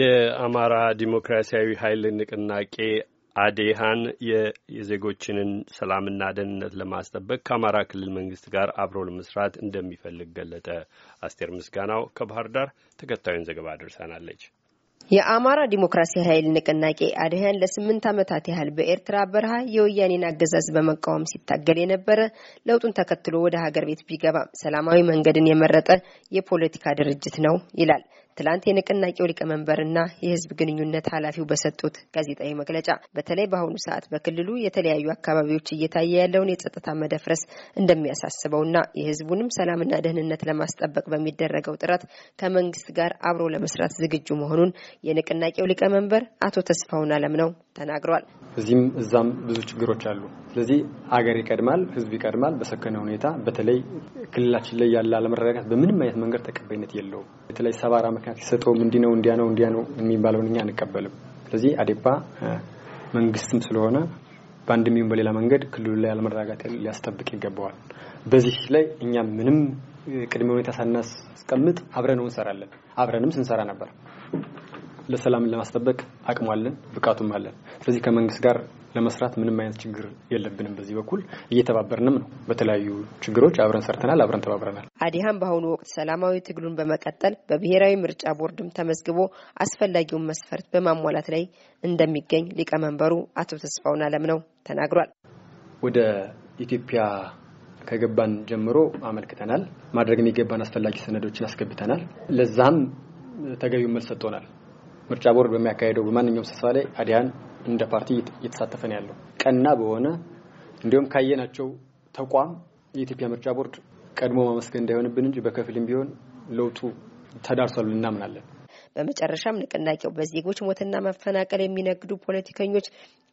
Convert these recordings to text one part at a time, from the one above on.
የአማራ ዲሞክራሲያዊ ኃይል ንቅናቄ አዴሃን የዜጎችንን ሰላምና ደህንነት ለማስጠበቅ ከአማራ ክልል መንግስት ጋር አብሮ ለመስራት እንደሚፈልግ ገለጠ። አስቴር ምስጋናው ከባህር ዳር ተከታዩን ዘገባ አድርሳናለች። የአማራ ዲሞክራሲያዊ ኃይል ንቅናቄ አዴሃን ለስምንት ዓመታት ያህል በኤርትራ በረሃ የወያኔን አገዛዝ በመቃወም ሲታገል የነበረ ለውጡን ተከትሎ ወደ ሀገር ቤት ቢገባም ሰላማዊ መንገድን የመረጠ የፖለቲካ ድርጅት ነው ይላል ትላንት የንቅናቄው ሊቀመንበርና የህዝብ ግንኙነት ኃላፊው በሰጡት ጋዜጣዊ መግለጫ በተለይ በአሁኑ ሰዓት በክልሉ የተለያዩ አካባቢዎች እየታየ ያለውን የጸጥታ መደፍረስ እንደሚያሳስበውና የህዝቡንም ሰላምና ደህንነት ለማስጠበቅ በሚደረገው ጥረት ከመንግስት ጋር አብሮ ለመስራት ዝግጁ መሆኑን የንቅናቄው ሊቀመንበር አቶ ተስፋውን ነው ተናግረዋል። እዚህም እዛም ብዙ ችግሮች አሉ። ስለዚህ አገር ይቀድማል፣ ህዝብ ይቀድማል። በሰከነ ሁኔታ በተለይ ክልላችን ላይ ያለ አለመረጋጋት በምንም አይነት መንገድ ተቀባይነት የለውም። በተለይ ሰባራ ምክንያት ሊሰጠውም እንዲህ ነው እንዲያ ነው እንዲያ ነው የሚባለውን እኛ አንቀበልም። ስለዚህ አዴፓ መንግስትም ስለሆነ በአንድ የሚሆን በሌላ መንገድ ክልሉ ላይ አለመረጋጋት ሊያስጠብቅ ይገባዋል። በዚህ ላይ እኛ ምንም ቅድመ ሁኔታ ሳናስቀምጥ አብረነው እንሰራለን። አብረንም ስንሰራ ነበር። ለሰላምን ለማስጠበቅ አቅሟለን፣ ብቃቱም አለን። ስለዚህ ከመንግስት ጋር ለመስራት ምንም አይነት ችግር የለብንም። በዚህ በኩል እየተባበርንም ነው። በተለያዩ ችግሮች አብረን ሰርተናል፣ አብረን ተባብረናል። አዲሃም በአሁኑ ወቅት ሰላማዊ ትግሉን በመቀጠል በብሔራዊ ምርጫ ቦርድም ተመዝግቦ አስፈላጊውን መስፈርት በማሟላት ላይ እንደሚገኝ ሊቀመንበሩ አቶ ተስፋውን አለም ነው ተናግሯል። ወደ ኢትዮጵያ ከገባን ጀምሮ አመልክተናል። ማድረግ የሚገባን አስፈላጊ ሰነዶችን አስገብተናል። ለዛም ተገቢው መልስ ሰጥቶናል። ምርጫ ቦርድ በሚያካሄደው በማንኛውም ስብሰባ ላይ አዲያን እንደ ፓርቲ እየተሳተፈን ያለው ቀና በሆነ እንዲሁም ካየናቸው ተቋም የኢትዮጵያ ምርጫ ቦርድ ቀድሞ ማመስገን እንዳይሆንብን እንጂ በከፊልም ቢሆን ለውጡ ተዳርሷል እናምናለን። በመጨረሻም ንቅናቄው በዜጎች ሞትና መፈናቀል የሚነግዱ ፖለቲከኞች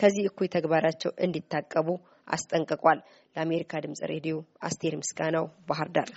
ከዚህ እኩይ ተግባራቸው እንዲታቀቡ አስጠንቅቋል። ለአሜሪካ ድምጽ ሬዲዮ አስቴር ምስጋናው ባህር ዳር